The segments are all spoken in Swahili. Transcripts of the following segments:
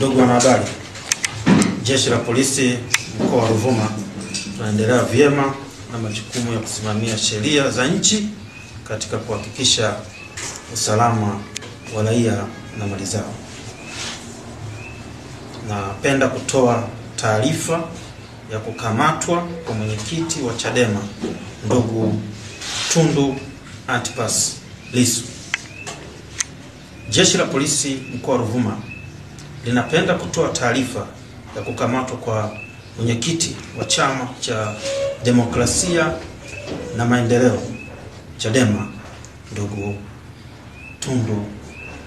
Ndugu wanahabari, jeshi la polisi mkoa wa Ruvuma tunaendelea vyema na majukumu ya kusimamia sheria za nchi katika kuhakikisha usalama wa raia na mali zao. Napenda kutoa taarifa ya kukamatwa kwa mwenyekiti wa Chadema ndugu Tundu Antipas Lissu. Jeshi la polisi mkoa wa Ruvuma linapenda kutoa taarifa ya kukamatwa kwa mwenyekiti wa Chama cha Demokrasia na Maendeleo Chadema, ndugu Tundu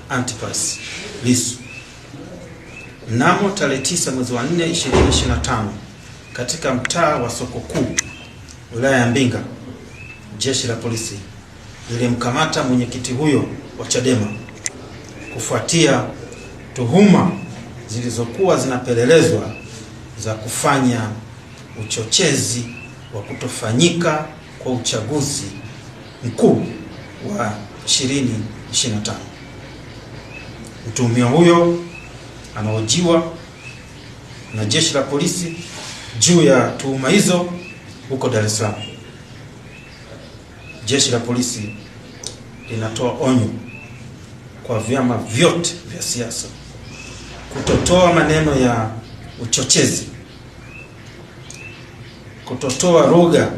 Antipas Lissu mnamo tarehe 9 mwezi wa 4 2025 katika mtaa wa soko kuu wilaya ya Mbinga. Jeshi la polisi lilimkamata mwenyekiti huyo wa Chadema kufuatia tuhuma zilizokuwa zinapelelezwa za kufanya uchochezi wa kutofanyika kwa uchaguzi mkuu wa 2025. Mtuhumiwa huyo anaojiwa na jeshi la polisi juu ya tuhuma hizo huko Dar es Salaam. Jeshi la polisi linatoa onyo kwa vyama vyote vya siasa kutotoa maneno ya uchochezi, kutotoa lugha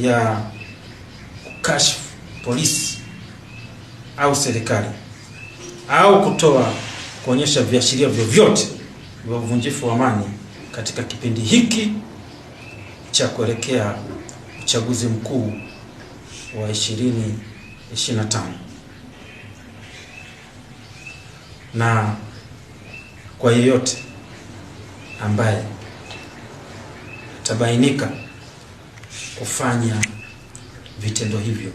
ya kukashifu polisi au serikali au kutoa kuonyesha viashiria vyovyote vya uvunjifu wa amani katika kipindi hiki cha kuelekea uchaguzi mkuu wa 2025 na kwa yeyote ambaye atabainika kufanya vitendo hivyo,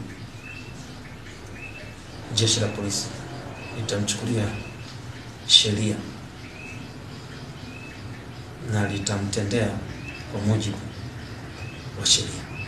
jeshi la polisi litamchukulia sheria na litamtendea kwa mujibu wa sheria.